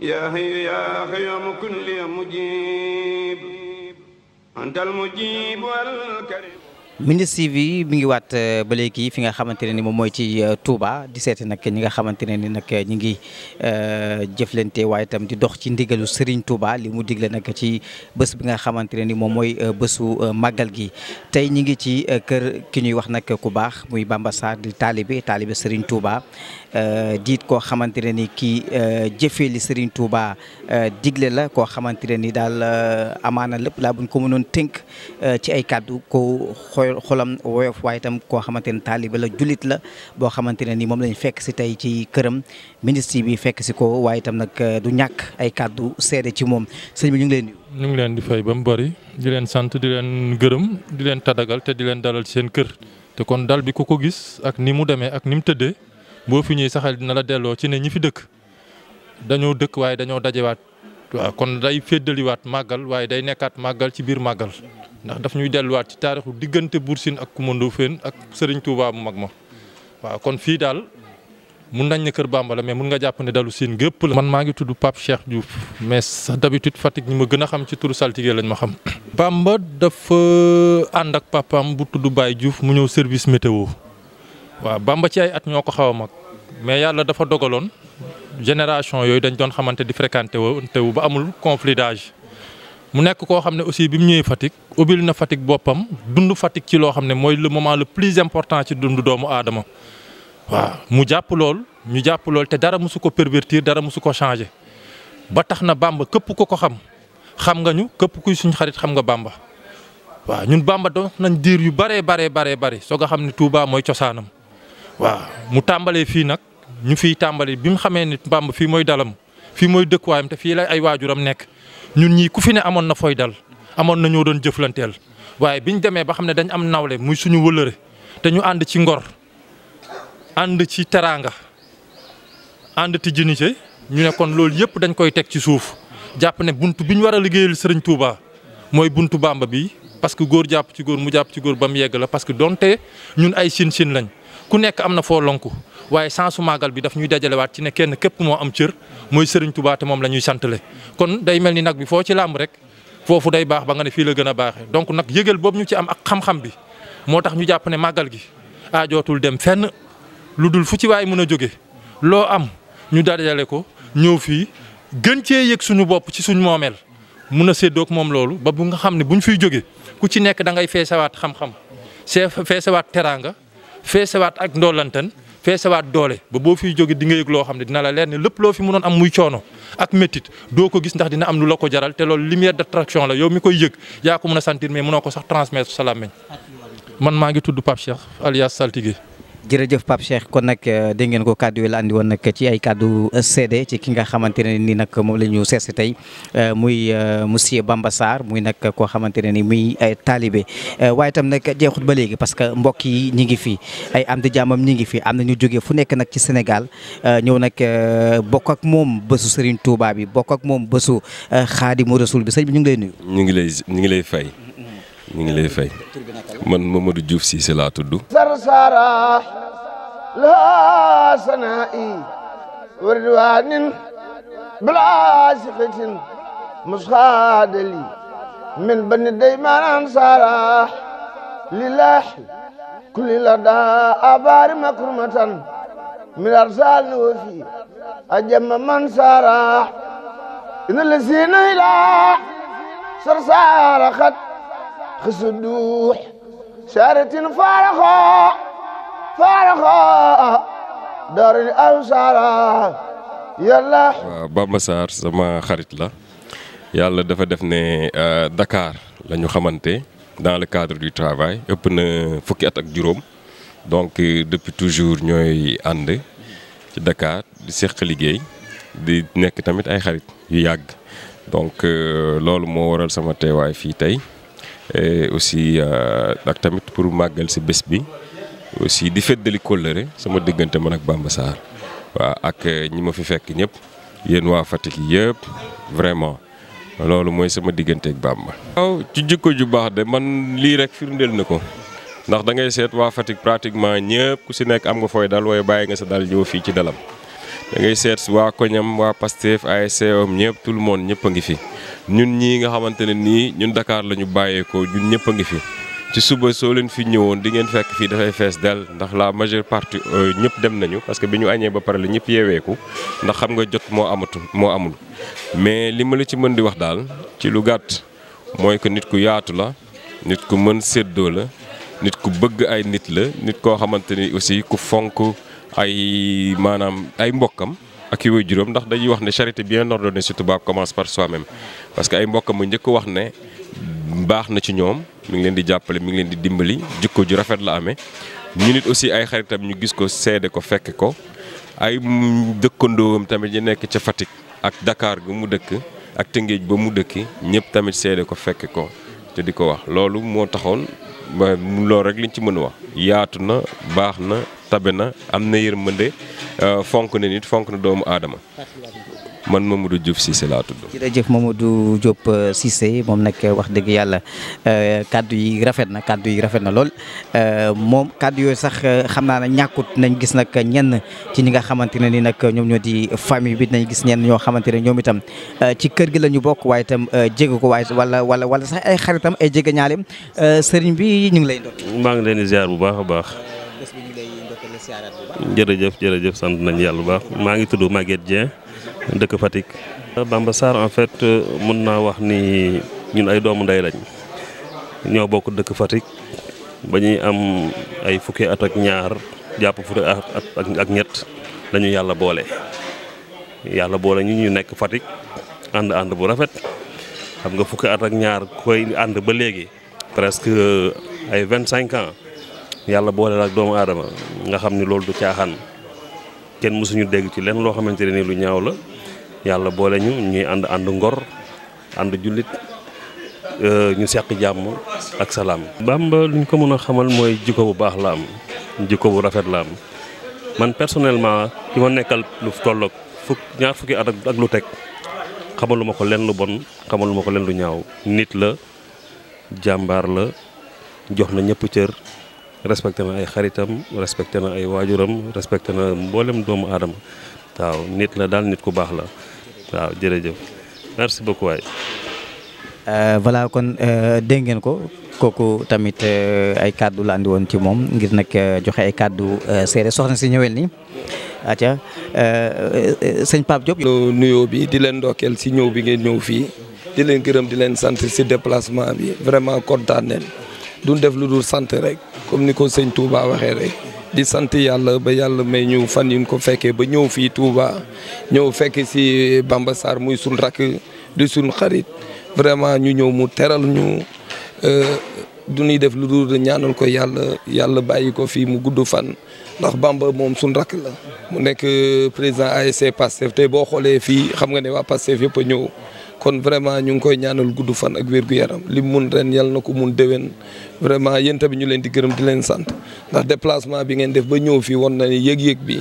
يا حي يا قيوم كن لي مجيب أنت المجيب والكريم Mindiss TV mi ngi waat euh, ba léegi fi nga xamante ne ni moom mooy ci euh, Touba di seeti nag ñi nga xamante ne ni nag euh, ñi ngi jëflante waaye itam di dox ci ndiggalu Serigne Touba li mu digle nag ci bés bi nga xamante ne ni moom mooy bésu màggal gi tey ñi ngi ci kër ki ñuy wax nag ku baax muy Bamba Sarr taalibe taalibe Serigne Touba diit koo xamante ne ni kii jëfee li Serigne Touba digle la koo xamante ne ni daal amaana lépp laa buñ ko mënoon tënk ci ay kàddu ko woy xolam woyof waaye itam koo xamante ne taaliba la jullit la boo xamante ne ni moom lañ fekk si tey ci këram ministre bi fekk si ko waaye tam nag eh, du ñàkk ay kàddu seede ci moom sëñ ñu ngi leen ñu ngi leen di fay ba mu bari di leen sant di leen gërëm di leen tadagal te di leen dalal seen kër te kon dal bi ko ko gis ak ni mu demee ak ni mu tëddee boo fi ñuy saxal dina la delloo ci ne ñi fi dëkk dañoo dëkk waaye dañoo dajewaat waa kon day féddaliwaat màggal waaye day nekkaat màggal ci biir màggal ndax daf ñuy delluwaat ci taarixu diggante Buur Sine ak Kumba Ndoofeen ak Serigne Touba bu mag ma waaw kon fii daal mun nañ ne Kër Bamba la mais mun nga jàpp ne dalu Sine gépp la. man maa ngi tudd Pape Cheikh Diouf mais sax d'habitude Fatick ñi ma gën a xam ci turu saltige lañ ma xam. Bamba dafa ànd ak papaam bu tudd Baye juuf mu ñëw service météo waaw Bamba ci ay at ñoo ko xaw mag mais yàlla dafa dogaloon génération yooyu dañ doon xamante di fréquenté wu ba amul conflit d'âge mu nekk koo xam ne aussi bi mu ñëwee Fatick ubbil na Fatick boppam dund Fatick ci loo xam ne mooy le moment le plus important ci dund doomu aadama waaw mu jàpp lool ñu jàpp lool te dara mosu ko pervertir dara mosu ko changer ba tax na Bamba képp ko ko xam xam nga ñu képp kuy suñ xarit xam nga bàmba waaw ñun bàmba doon nañ diir yu baree baree baree bari soo nga xam ne Touba mooy cosaanam ñu fiy tàmbali bi mu xamee ni Bamba fii mooy dalam fii mooy dëkkuwaayam te fii la ay waajuram nekk ñun ñii ku fi ne amoon na fooy dal amoon na ñoo doon jëflanteel waaye bi ñu demee ba xam ne dañ am nawle muy suñu wëllëre te ñu ànd ci ngor ànd ci teraanga ànd ti jinite ñu ne kon loolu yëpp dañ koy teg ci suuf jàpp ne bunt bi ñu war a liggéeyal Serigne Touba mooy buntu Bamba bi parce que góor jàpp ci góor mu jàpp ci góor ba mu yegg la parce que donte ñun ay sin sin lañ. ku nekk am na foo lonk waaye sansu màggal bi daf ñuy dajalewaat ci ne kenn képp moo am cër mooy sëriñ Touba moom la ñuy santale kon day mel ni nag bi foo ci làmb rek foofu day baax ba nga ne fii la gën a baaxee donc nag yëgal boobu ñu ci am ak xam-xam bi moo tax ñu jàpp ne màggal gi aajootul dem fenn lu dul fu ci waay mën a jóge loo am ñu dajale ko ñëw fii gën cee yëg suñu bopp ci suñu moomeel mun a séddoog moom loolu ba bu nga xam ne buñ fiy jóge ku ci nekk da ngay feesawaat xam-xam feesawaat teraanga feesewaat ak ndoolantan feesewaat doole ba boo fiy jóge di nga yëg loo xam ne dina la leer ne lépp loo fi mënoon am muy coono ak métit doo ko gis ndax dina am lu la ko jaral te loolu lumière d'attraction la yow mi koy yëg yaa ko mën a sentir mais mënoo ko sax transmettre sa làmmiñ man maa ngi tudd Pape Cheikh alias Saltigué jërëjëf Pape Cheikh kon nag euh, dégg ngeen ko kàddu yi la andi woon nag ci ay kàddu seede euh, ci ki nga xamante ne ni nag moom la ñu si tey euh, muy monsieur Bamba Sarr muy nag koo xamante ne ni muy taalibe waaye itam nag jeexut ba léegi parce que mbokk yi ñi ngi fi ay am di jàmmam ñi ngi fi am na ñu jógee fu nekk nag ci senegal ñëw nag bokk ak moom bésu Serigne Touba bi bokk ak moom bésu Xaadimu Rasul bi sëñ bi ñu ngi lay nuyu. ñu ngi lay ñu ngi lay fay. ñu ngi lay fay man Mamadou Diouf Cissé laa tudd. sarsara la sanaa'i wardiwaanin bilaa sifatin musxaadali min bani daymaan ansaara lillaahi kulli ladaa abaari makrumatan min arsaal ni wofi ajamma man saara ina lasiina ilaa sarsaara xat خصدوح سارة فارخة فارخة دار الأنصار يلا بابا سار سما خريط لا yàlla dafa def ne euh, Dakar la ñu xamante dans le cadre du travail ëpp na fukki at ak juróom donc depuis toujours ñooy ànd ci Dakar di seq liggéey di nekk tamit ay xarit yu yàgg donc euh, loolu moo waral sama teewaay fii tey et aussi euh, ak tamit pour màggal si bés bi aussi di feddali kóllëre sama diggante man ak Bamba Sarr waaw ak euh, ñi ma fi fekk ñëpp yéen waa Fatick yëpp vraiment loolu mooy sama diggante ak Bamba. ci jikko ju baax de man lii rek firndeel ni ko ndax da ngay seet waa Fatick pratiquement ñëpp ku si nekk am nga fooy dal waaye bàyyi nga sa dal ñëw fii ci dalam. da ngay seet waa koñam waa Pastef ASC am ñëpp tout moon monde ñëpp a ngi fi ñun ñii nga xamante ne nii ñun Dakar la ñu bàyyeekoo ñun ñëpp a ngi fi ci suba soo leen fi ñëwoon di ngeen fekk fii dafay fees dell ndax la majeure partie euh, ñëpp dem nañu parce que bi ñu añee ba pare la ñëpp yeeweeku ndax xam nga jot moo amatul moo amul mais li ma la ci mën di wax daal ci lu gàtt mooy que nit ku yaatu la nit ku mën seddoo la nit ku bëgg ay nit la nit koo xamante ni aussi ku fonk ay maanaam ay mbokkam ak i juróom ndax dañuy wax ne charité bien ordonnée ci tubaab commence par soi-même parce que ay mbokkam mu njëkk wax ne baax na ci ñoom mi ngi leen di jàppale mi ngi leen di dimbali jikko ju rafet la amee ñu nit aussi ay xaritam ñu gis ko seede ko fekk ko ay dëkkandoowam tamit ñu nekk ca Fatick ak dakaar gi mu dëkk ak Tëngéej ba mu dëkk ñëpp tamit seede ko fekk ko te di ko wax loolu moo taxoon loolu rek liñ ci mën a wax yaatu na baax na tabe na am na yërmande euh, fonk na nit fonk na doomu aadama man moom Mamadou Diop Cissé laa tudd. jërëjëf Mamadou Diop euh, Cissé moom nag euh, wax dëgg yàlla kaddu yi rafet na kaddu yi rafet na lool moom kaddu yooyu sax xam naa ne ñàkkut nañ gis nag ñenn ci ñi nga xamante ne ni nag ñoom ñoo di famille bi nañ gis ñenn ñoo xamante ne ñoom itam ci kër gi la ñu bokk waaye itam jege ko waaye wala wala wala sax ay xaritam ay jege ñaaleem sëriñ bi ñu ngi lay doon. bu baax a baax. jërëjëf jërëjëf sant nañ yàlla bu baax maa ngi tudd Maguette Dieng dëkk Fatick. Bamba Sarr en fait mun naa wax ni ñun ay doomu ndey lañ ñoo bokk dëkk Fatick ba ñuy am ay fukki at ak ñaar jàpp fukki at ak ñett lañu yàlla boole. yàlla boole ñu ñu nekk Fatick ànd ànd bu rafet xam nga fukki at ak ñaar koy ànd ba léegi presque ay vingt cinq ans. yàlla boole la ak doomu aadama nga xam ni loolu du caaxaan kenn mësuñu dégg ci leen loo xamante ne ni lu ñaaw la yàlla boole ñu ñuy ànd ànd ngor ànd jullit euh, ñu seq jàmm ak salaam. Bamba luñ ko mën a xamal mooy jikko bu baax la am jikko bu rafet la am man personnellement ki ma nekkal lu tolloog fukk ñaar fukki at ak lu teg xamaluma ko leen lu bon xamaluma ko leen lu ñaaw nit la jàmbaar la jox na ñëpp cër. respecté na ay xaritam respecté na ay waajuram respecté na mboolem doomu aadama waaw nit la daal nit ku baax la waaw jërëjëf merci beaucoup waay. Euh, voilà kon euh, dégg ngeen ko kooku tamit euh, ay kàddu la andi woon ci moom ngir nag joxe ay kàddu seere soxna si ñëwel nii atia sëñ Pape Diop. nuyoo bi di leen ndokkeel si ñëw bi ngeen ñëw fii di leen gërëm di leen sant si déplacement bi vraiment kontaan nañ def lu dul sant rek. comme ni ko sëñ Touba waxee rek di sant yàlla ba yàlla may ñu fan yi ñu ko fekkee ba ñëw fii Touba ñëw fekk si Bamba sar muy sun rakk di sun xarit vraiment ñu ñëw mu teral ñu euh, du ñuy def lu du ñaanal ko yàlla yàlla bàyyi ko fii mu gudd fan ndax Bamba moom sun rakk la mu nekk euh, président ASC Pastef te boo xoolee fii xam nga ne waa Pastef yëpp a ñëw kon vraiment ñu ngi koy ñaanal gudd fan ak wér-gu-yaram li mun ren yàlla na ko mun déwén vraiment yéen tamit ñu leen di gërëm di leen sant ndax déplacement bi ngeen def ba ñëw fii won na ne yëg-yëg bi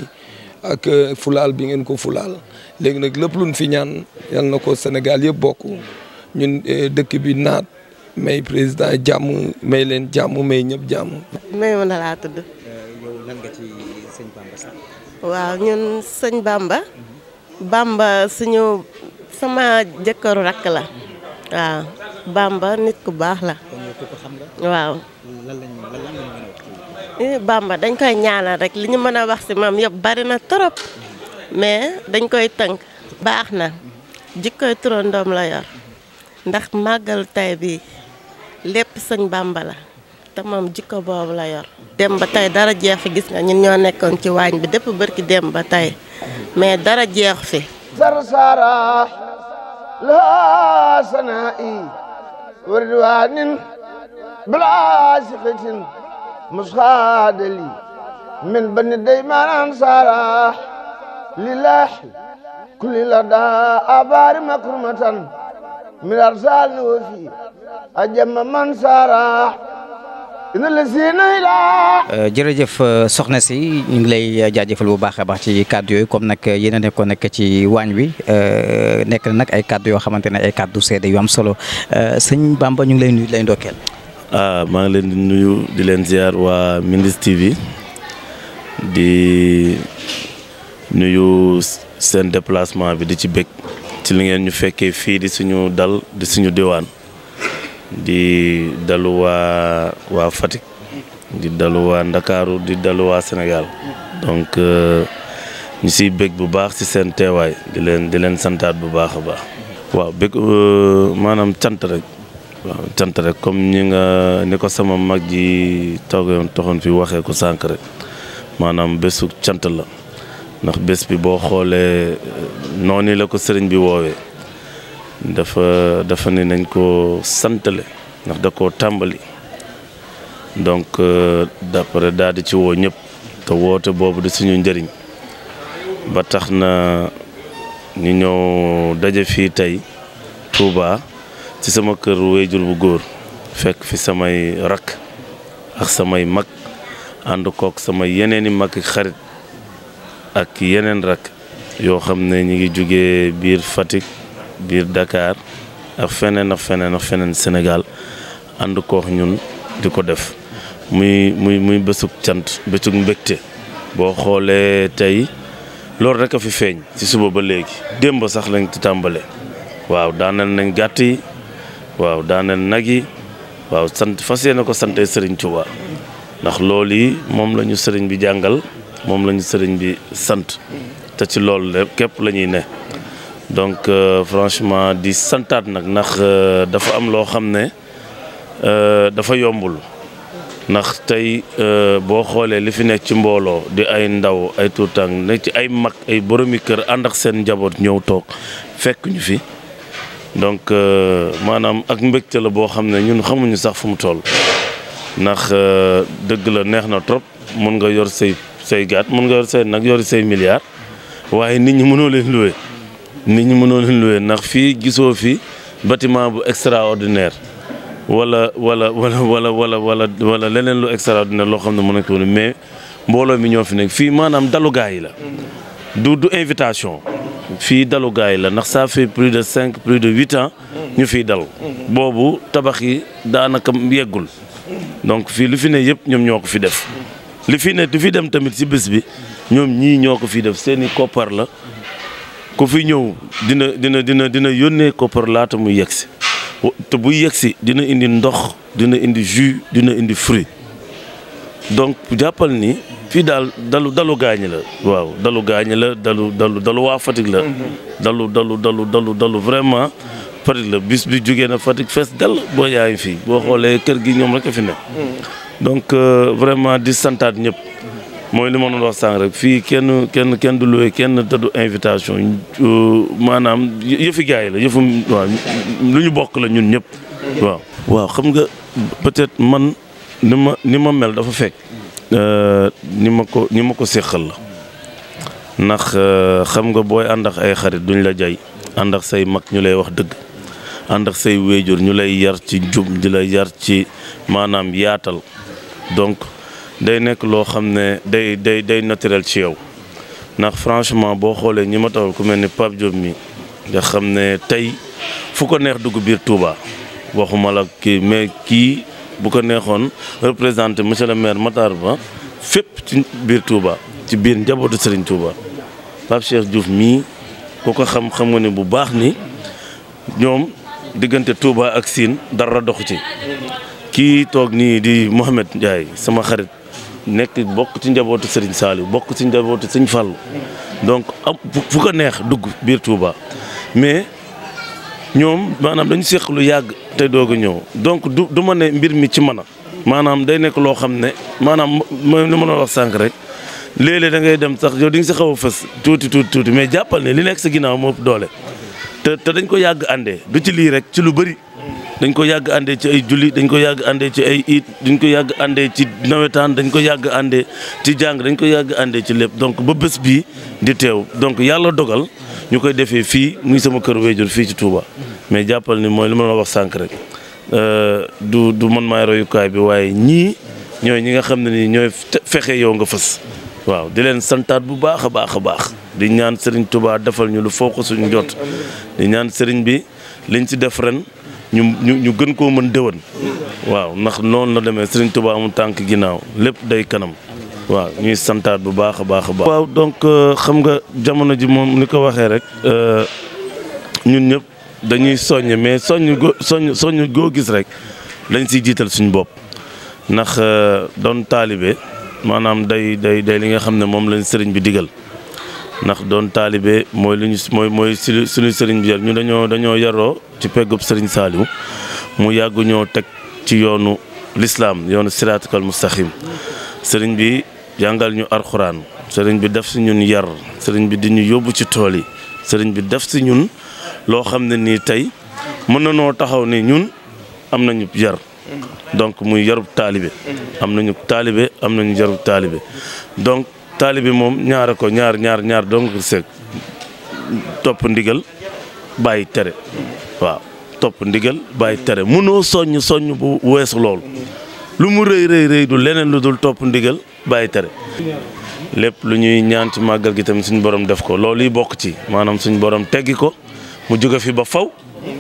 ak euh, fulaal bi ngeen ko fulaal léegi nag lépp luñ fi ñaan yàlla na ko Sénégal yëpp bokk ñun euh, dëkk bi naat may président jàmm may leen jàmm may ñëpp jàmm. may ma laa tudd. yow lan nga ci sëñ Bamba Bamba. Bamba suñu sama jëkkëru rakk la waaw bàmba nit ku baax la waaw eh, bàmba dañ koy ñaanal rek li ñu mën a wax si moom yëpp bari na trop mais dañ koy tënk baax na jikkoy turandoom la yor ndax màggalu tey bi lépp sëñ Bamba la te moom jikko boobu la yor dem ba tey dara jeex fi gis nga ñun ñoo nekkoon ci waañ bi dépp bërki dem ba tey mais dara jeex fi سرسارا لا سنائي وردوان بلا سفة مسخاد لي من بني ديمان أنصارا لله كل لدى أبار مكرمة من أرسال وفي أجم من سارا Euh, jërëjëf euh, soxna si ñu ngi lay jaajëfal bu baax a baax ci kàddu yooyu comme nag yéen a nekkoon nekk ci waañ wi euh, nekk na nag ay kàddu yoo xamante ne ay kàddu seede yu am solo sëñ Bamba ñu ngi lay nuyu di lay ndokkeel. Ah, maa ngi leen di nuyu di leen ziar waa Mindiss TV di nuyu seen déplacement bi di ci bëgg ci li ngeen ñu fekkee fii di suñu dal di suñu diwaan. di dalu waa waa di dalu Ndakaaru di dalu Sénégal donc euh, ñu siy bég bu baax si seen teewaay di leen di leen santaat bu baax a baax. waaw bég euh, maanaam cant rek waaw cant rek comme ñi nga ni ko sama mag ji toogoon toxoon fi waxee ko sànq rek maanaam bésu cant la ndax bés bi boo xoolee euh, noonu la ko sëriñ bi woowee. dafa dafa ne nañ ko santale ndax da koo tàmbali donc euh, d'après daal di ci woo ñëpp te woote boobu di suñu njëriñ ba tax na ñu ñëw daje fii tey Touba ci sama kër wéyjur bu góor fekk fi samay rakk ak samay mag ànd kook samay yeneeni mag xarit ak yeneen rakk yoo xam ne ñu ngi jóge biir Fatick biir dakaar ak feneen ak feneen ak feneen ànd koox ñun di ko def muy muy muy bésug cant bésug mbégte boo xoolee tey loolu rek a fi feeñ ci suba ba léegi démb sax lañ ci tàmbale waaw daaneel nañ gàtt yi waaw daaneel nag yi waaw sant fas yéene ko sante sëriñ Tuubaa ndax lool yi moom lañu sëriñ bi jàngal moom la sëriñ bi sant te ci loolu képp lañuy ne donc euh, franchement di santaat nag ndax euh, dafa am loo xam ne euh, dafa yombul ndax tey boo xoolee li fi nekk ci mbooloo di ay ndaw ay tuutang nekk ci ay mag ay boromi kër ànd ak seen njaboot ñëw toog fekk fi donc maanaam ak mbegte la boo xam ne ñun xamuñu sax fu mu tool ndax dëgg la neex na trop mun nga yor say say gaat mun nga yor say nag yor say milliards waaye nit ñi mënoo leen loué. nit ñi mënoon luwee ndax fii gisoo fi bâtiment bu extraordinaire wala wala wala wala wala wala wala leneen lu extraordinaire loo xam ne mën nañ ko mais mbooloo mi ñoo fi nekk fii maanaam dalu gaa yi la. du du invitation. fii dalu gaa yi la ndax ça fait plus de cinq plus de huit ans. ñu fiy dal. boobu tabax yi daanaka yeggul. donc fii lu fi ne yëpp ñoom ñoo ko fi def. li fi ne du fi dem tamit ci bés bi ñoom ñii ñoo ko fi def seeni koppar la. ku fi ñëw dina dina dina dina yónnee koppar laata muy yegsi te buy yegsi dina indi ndox dina indi ju dina indi fruit donc jàppal ni fii daal dalu dalu gaañ la waaw dalu gaañ la dalu dalu dalu waa fatig la dalu dalu dalu dalu dalu vraiment Fatick la bis bi jógee na Fatick fes dal boo yaay fii boo xoolee kër gi ñoom rek a fi ne mm. donc euh, vraiment di santaat ñëpp mooy li ma doon wax sànq rek fii kenn kenn kenn du luwe kenn tëddu invitation euh, maanaam yëfi gars la yëfu waaw lu ñu bokk la ñun ñëpp waaw waaw xam nga peut-être man ni ma ni ma mel dafa fekk euh, ni ma ko ni ma ko séqal la ndax euh, xam nga booy ànd ay xarit duñ la jay ànd ak say mag ñu lay wax dëgg ànd ak say wéejur ñu lay yar ci njub di lay yar ci maanaam yaatal donc day nekk loo xam ne day day day naturel ci yow ndax franchement boo xoolee ñi ma tawal ku mel ni Pape Diop mi nga xam ne tey fu ko neex dugg biir Touba waxuma la kii mais kii bu ko neexoon représenté monsieur le maire Matar Ba fépp ci biir Touba ci biir njabootu Serigne Touba Pape Cheikh Diouf mii ku ko xam xam nga ne bu baax ni ñoom diggante Touba ak siin dara doxu ci kii toog nii di Mohamed Ndiaye sama xarit nekk bokk ci njabootu Serigne Saliou bokk ci njabootu Serigne Fallou donc am fu ko neex dugg biir Touba mais ñoom maanaam dañu seq lu yàgg te doog a ñëw donc du du ma ne mbir mi ci mën a maanaam day nekk loo xam ne maanaam mooy li ma doon sànq rek léeg-léeg da ngay dem sax yow di nga si xaw a tuuti tuuti tuuti mais jàppal ne li nekk si ginnaaw moo doole te te dañ ko yàgg àndee du ci lii rek ci lu bëri. dañ ko yàgg àndee ci ay julli dañ ko yàgg àndee ci ay iit dañ ko yàgg àndee ci nawetaan dañ ko yàgg àndee ci jàng dañu koy yàgg àndee ci lépp donc ba bés bii di teew donc yàlla dogal ñu koy defee fii muy sama kër wéjur fii ci Touba. mais jàppal ni mooy lu ma la wax sànq rek euh, du du man maay royukaay bi waaye ñii ñooy ñi nga xam ne nii ñooy fexe yow nga fës. waaw di leen santaat bu baax a baax a baax di ñaan Serigne Touba defal ñu lu foo ko suñu jot di ñaan Serigne bi liñ ci def ren. ñu ñu ñu gën koo mën déwén. waaw ndax noonu la demee Serigne Touba amul tànk ginnaaw lépp day kanam. waaw ñuy santaat bu baax a baax a baax. waaw donc euh, xam nga jamono ji moom ni ko waxee rek. Euh, ñun ñëpp dañuy soññ mais soññ go soññ goo gis rek dañ si jiital suñu bopp ndax euh, doon taalibe maanaam day day day li nga xam ne moom lañ sëriñ bi digal. ndax doon taalibe mooy lu ñu mooy mooy suñu sëriñ bi yar ñu dañoo dañoo yaroo ci peggub sëriñ Saaliw mu yàgg ñoo teg ci yoonu lislaam yoonu siraatal mustaxim sëriñ bi jàngal ñu arxuraan sëriñ bi def si ñun yar sëriñ bi di ñu yóbbu ci tool yi sëriñ bi def si ñun loo xam ne nii tey mën na noo taxaw ne ñun am nañu yar donc muy yarub taalibe am nañu taalibe am nañu yarub taalibe taali bi moom ñaara ko ñaar ñaar ñaar dong ko seeg topp ndigal bàyyi tere waaw topp ndigal bàyyi tere mënoo soññ soññ bu weesu loolu lu mu rëy rëy rëy du leneen lu dul topp ndigal bàyyi tere lépp lu ñuy ñaan ci màggal gi tamit suñu borom def ko loolu yi bokk ci maanaam suñu borom teggi ko mu jóge fi ba faw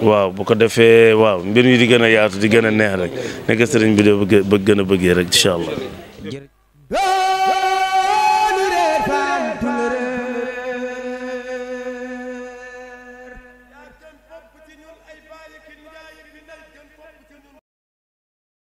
waaw bu ko defee waaw mbir yi di gën a yaatu di gën a neex rek nekk sëriñ bi de bëgg gën a bëggee rek incha